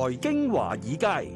財經華爾街，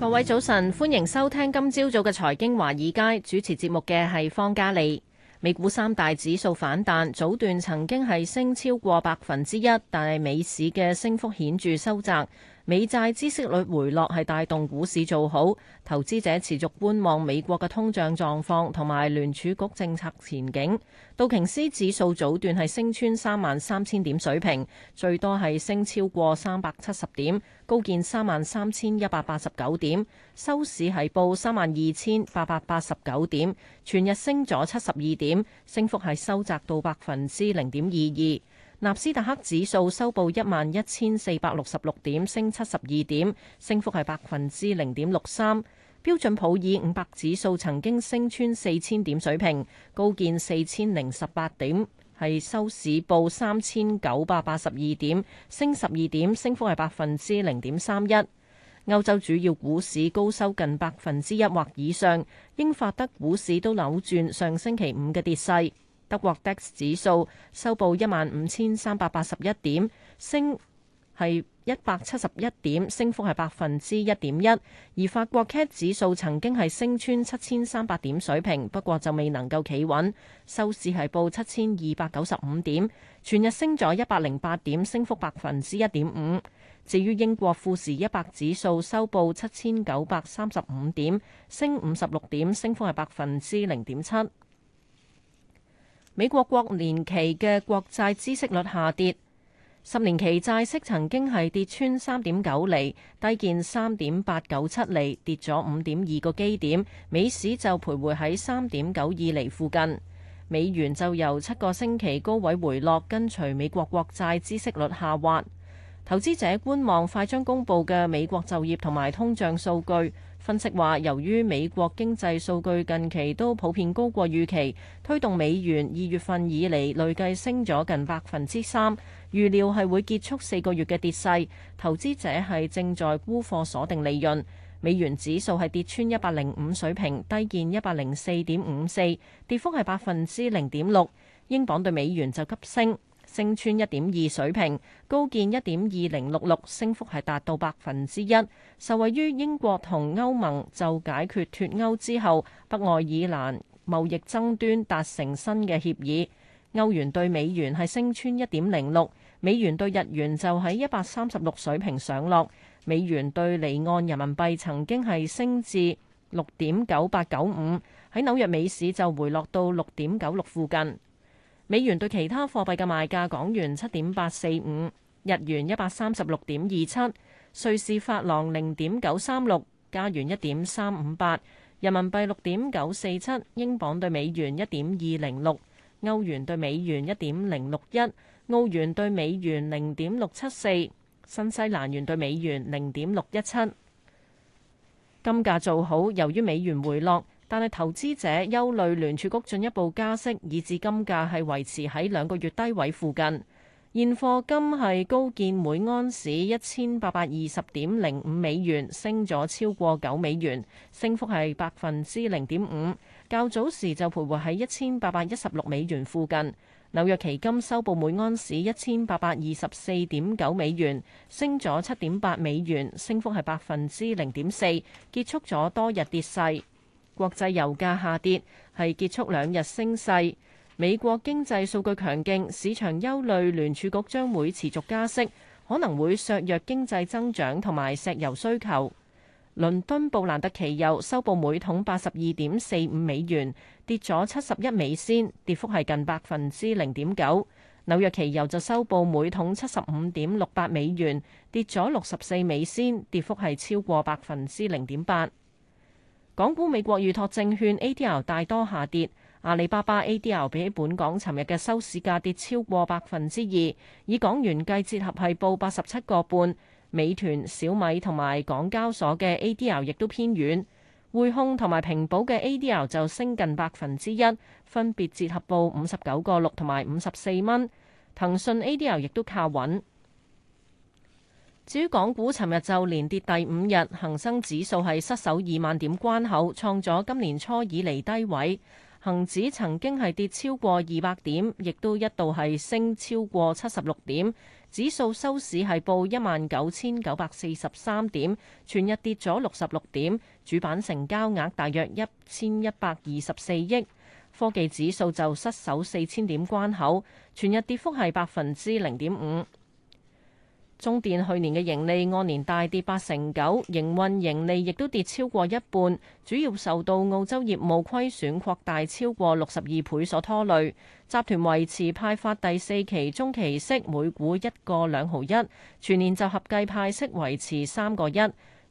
各位早晨，歡迎收聽今朝早嘅財經華爾街。主持節目嘅係方嘉利。美股三大指數反彈，早段曾經係升超過百分之一，但係美市嘅升幅顯著收窄。美債孳息率回落係帶動股市做好，投資者持續觀望美國嘅通脹狀況同埋聯儲局政策前景。道瓊斯指數早段係升穿三萬三千點水平，最多係升超過三百七十點，高見三萬三千一百八十九點，收市係報三萬二千八百八十九點，全日升咗七十二點，升幅係收窄到百分之零點二二。納斯達克指數收報一萬一千四百六十六點，升七十二點，升幅係百分之零點六三。標準普爾五百指數曾經升穿四千點水平，高見四千零十八點，係收市報三千九百八十二點，升十二點，升幅係百分之零點三一。歐洲主要股市高收近百分之一或以上，英法德股市都扭轉上星期五嘅跌勢。德國 DAX 指數收報一萬五千三百八十一點，升係一百七十一點，升幅係百分之一點一。而法國 CAC 指數曾經係升穿七千三百點水平，不過就未能夠企穩，收市係報七千二百九十五點，全日升咗一百零八點，升幅百分之一點五。至於英國富時一百指數收報七千九百三十五點，升五十六點，升幅係百分之零點七。美國國年期嘅國債孳息率下跌，十年期債息曾經係跌穿三點九厘，低見三點八九七厘，跌咗五點二個基點，美市就徘徊喺三點九二厘附近。美元就由七個星期高位回落，跟隨美國國債孳息率下滑。投資者觀望快將公布嘅美國就業同埋通脹數據。分析話，由於美國經濟數據近期都普遍高過預期，推動美元二月份以嚟累計升咗近百分之三，預料係會結束四個月嘅跌勢。投資者係正在沽貨鎖定利潤。美元指數係跌穿一百零五水平，低見一百零四點五四，跌幅係百分之零點六。英鎊對美元就急升。升穿一點二水平，高見一點二零六六，升幅係達到百分之一。受惠於英國同歐盟就解決脫歐之後北愛爾蘭貿易爭端達成新嘅協議，歐元兌美元係升穿一點零六，美元兌日元就喺一百三十六水平上落，美元兌離岸人民幣曾經係升至六點九八九五，喺紐約美市就回落到六點九六附近。美元對其他貨幣嘅賣價：港元七點八四五，日元一百三十六點二七，瑞士法郎零點九三六，加元一點三五八，人民幣六點九四七，英鎊對美元一點二零六，歐元對美元一點零六一，澳元對美元零點六七四，新西蘭元對美元零點六一七。金價做好，由於美元回落。但係，投資者憂慮聯儲局進一步加息，以致金價係維持喺兩個月低位附近。現貨金係高見每安士一千八百二十點零五美元，升咗超過九美元，升幅係百分之零點五。較早時就徘徊喺一千八百一十六美元附近。紐約期金收報每安士一千八百二十四點九美元，升咗七點八美元，升幅係百分之零點四，結束咗多日跌勢。國際油價下跌，係結束兩日升勢。美國經濟數據強勁，市場憂慮聯儲局將會持續加息，可能會削弱經濟增長同埋石油需求。倫敦布蘭特期油收報每桶八十二點四五美元，跌咗七十一美仙，跌幅係近百分之零點九。紐約期油就收報每桶七十五點六八美元，跌咗六十四美仙，跌幅係超過百分之零點八。港股、美國預託證券 A D L 大多下跌，阿里巴巴 A D L 比起本港尋日嘅收市價跌超過百分之二，以港元計，折合係報八十七個半。美團、小米同埋港交所嘅 A D L 亦都偏軟，匯控同埋平保嘅 A D L 就升近百分之一，分別折合報五十九個六同埋五十四蚊。騰訊 A D L 亦都靠穩。至於港股，尋日就連跌第五日，恒生指數係失守二萬點關口，創咗今年初以嚟低位。恒指曾經係跌超過二百點，亦都一度係升超過七十六點。指數收市係報一萬九千九百四十三點，全日跌咗六十六點。主板成交額大約一千一百二十四億。科技指數就失守四千點關口，全日跌幅係百分之零點五。中電去年嘅盈利按年大跌八成九，營運盈利亦都跌超過一半，主要受到澳洲業務虧損擴大超過六十二倍所拖累。集團維持派發第四期中期息，每股一個兩毫一，全年就合計派息維持三個一。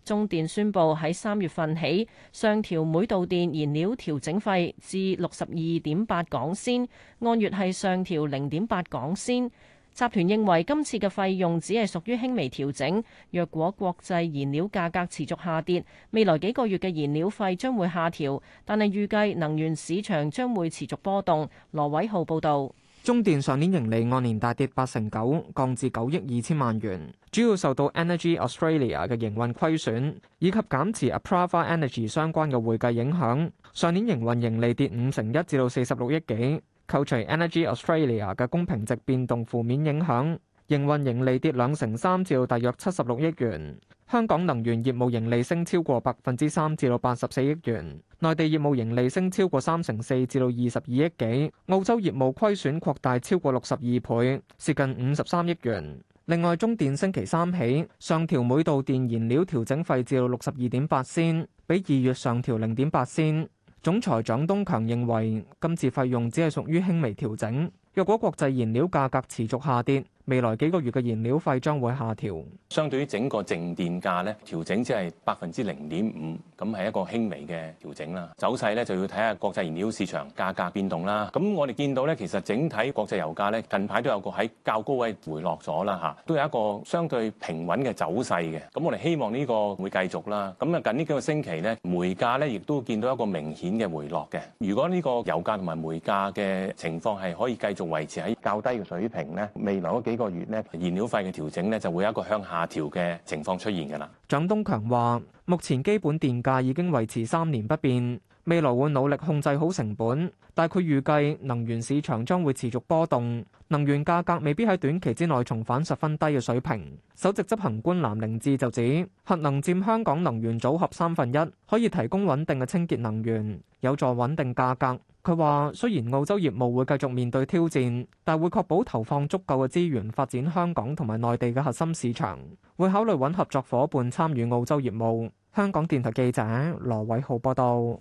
中電宣布喺三月份起上調每度電燃料調整費至六十二點八港仙，按月係上調零點八港仙。集團認為今次嘅費用只係屬於輕微調整。若果國際燃料價格持續下跌，未來幾個月嘅燃料費將會下調。但係預計能源市場將會持續波動。羅偉浩報導。中電上年盈利按年大跌八成九，降至九億二千萬元，主要受到 Energy Australia 嘅營運虧損以及減持 Apraava Energy 相關嘅會計影響。上年營運盈利跌五成一，至到四十六億幾。扣除 Energy Australia 嘅公平值變動負面影響，營運盈利跌兩成三，至到大約七十六億元。香港能源業務盈利升超過百分之三，至到八十四億元。內地業務盈利升超過三成四，至到二十二億幾。澳洲業務虧損擴大超過六十二倍，接近五十三億元。另外，中電星期三起上調每度電燃料調整費至六十二點八仙，比二月上調零點八仙。總裁蔣東強認為，今次費用只係屬於輕微調整。若果國際燃料價格持續下跌，未來幾個月嘅燃料費將會下調。相對於整個淨電價咧，調整只係百分之零點五，咁係一個輕微嘅調整啦。走勢咧就要睇下國際燃料市場價格變動啦。咁我哋見到咧，其實整體國際油價咧近排都有個喺較高位回落咗啦，吓、啊，都有一個相對平穩嘅走勢嘅。咁我哋希望呢個會繼續啦。咁啊近呢幾個星期咧，煤價咧亦都見到一個明顯嘅回落嘅。如果呢個油價同埋煤價嘅情況係可以繼續維持喺較低嘅水平咧，未來嗰幾個月呢，燃料費嘅調整呢，就會有一個向下調嘅情況出現㗎啦。蔣東強話：目前基本電價已經維持三年不變，未來會努力控制好成本。但佢預計能源市場將會持續波動，能源價格未必喺短期之內重返十分低嘅水平。首席執行官藍寧智就指，核能佔香港能源組合三分一，可以提供穩定嘅清潔能源，有助穩定價格。佢話：雖然澳洲業務會繼續面對挑戰，但會確保投放足夠嘅資源發展香港同埋內地嘅核心市場，會考慮揾合作夥伴參與澳洲業務。香港電台記者羅偉浩報道。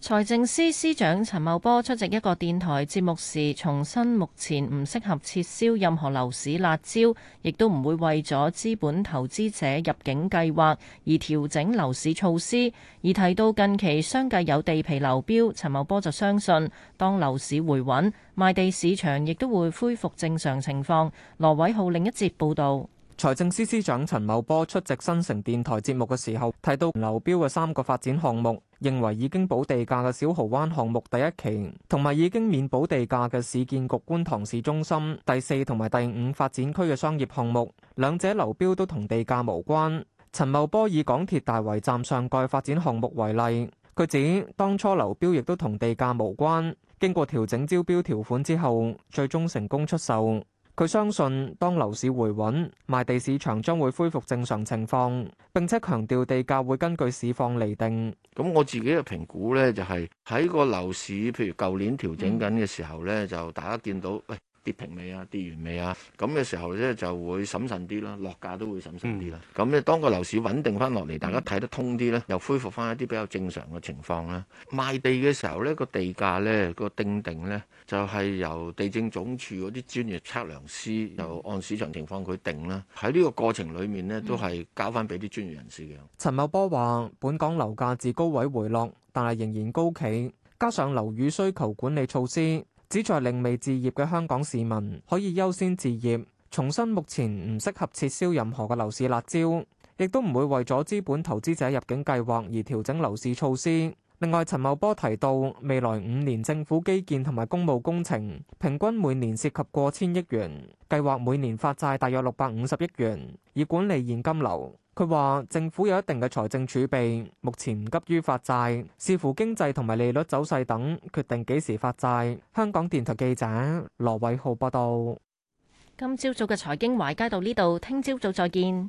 財政司司長陳茂波出席一個電台節目時，重申目前唔適合撤銷任何樓市辣招，亦都唔會為咗資本投資者入境計劃而調整樓市措施。而提到近期相繼有地皮流標，陳茂波就相信當樓市回穩，賣地市場亦都會恢復正常情況。羅偉浩另一節報道。財政司司長陳茂波出席新城電台節目嘅時候，提到流標嘅三個發展項目。認為已經補地價嘅小濠灣項目第一期，同埋已經免補地價嘅市建局觀塘市中心第四同埋第五發展區嘅商業項目，兩者流標都同地價無關。陳茂波以港鐵大圍站上蓋發展項目為例，佢指當初流標亦都同地價無關，經過調整招標條款之後，最終成功出售。佢相信，當樓市回穩，賣地市場將會恢復正常情況，並且強調地價會根據市況嚟定。咁我自己嘅評估呢，就係、係、喺個樓市，譬如舊年調整緊嘅時候呢，就大家見到，喂、哎。跌平未啊，跌完未啊，咁嘅時候咧就會審慎啲啦，落價都會審慎啲啦。咁咧、嗯，當個樓市穩定翻落嚟，大家睇得通啲咧，又恢復翻一啲比較正常嘅情況啦。賣地嘅時候咧，個地價咧個定定咧，就係由地政總署嗰啲專業測量師，又按市場情況佢定啦。喺呢個過程裡面咧，都係交翻俾啲專業人士嘅。嗯、陳茂波話：本港樓價至高位回落，但係仍然高企，加上樓宇需求管理措施。旨在令未置業嘅香港市民可以優先置業，重申目前唔適合撤銷任何嘅樓市辣招，亦都唔會為咗資本投資者入境計劃而調整樓市措施。另外，陳茂波提到，未來五年政府基建同埋公務工程平均每年涉及過千億元，計劃每年發債大約六百五十億元，以管理現金流。佢話：政府有一定嘅財政儲備，目前唔急於發債，視乎經濟同埋利率走勢等，決定幾時發債。香港電台記者羅偉浩報道。今朝早嘅財經華爾街到呢度，聽朝早，早再見。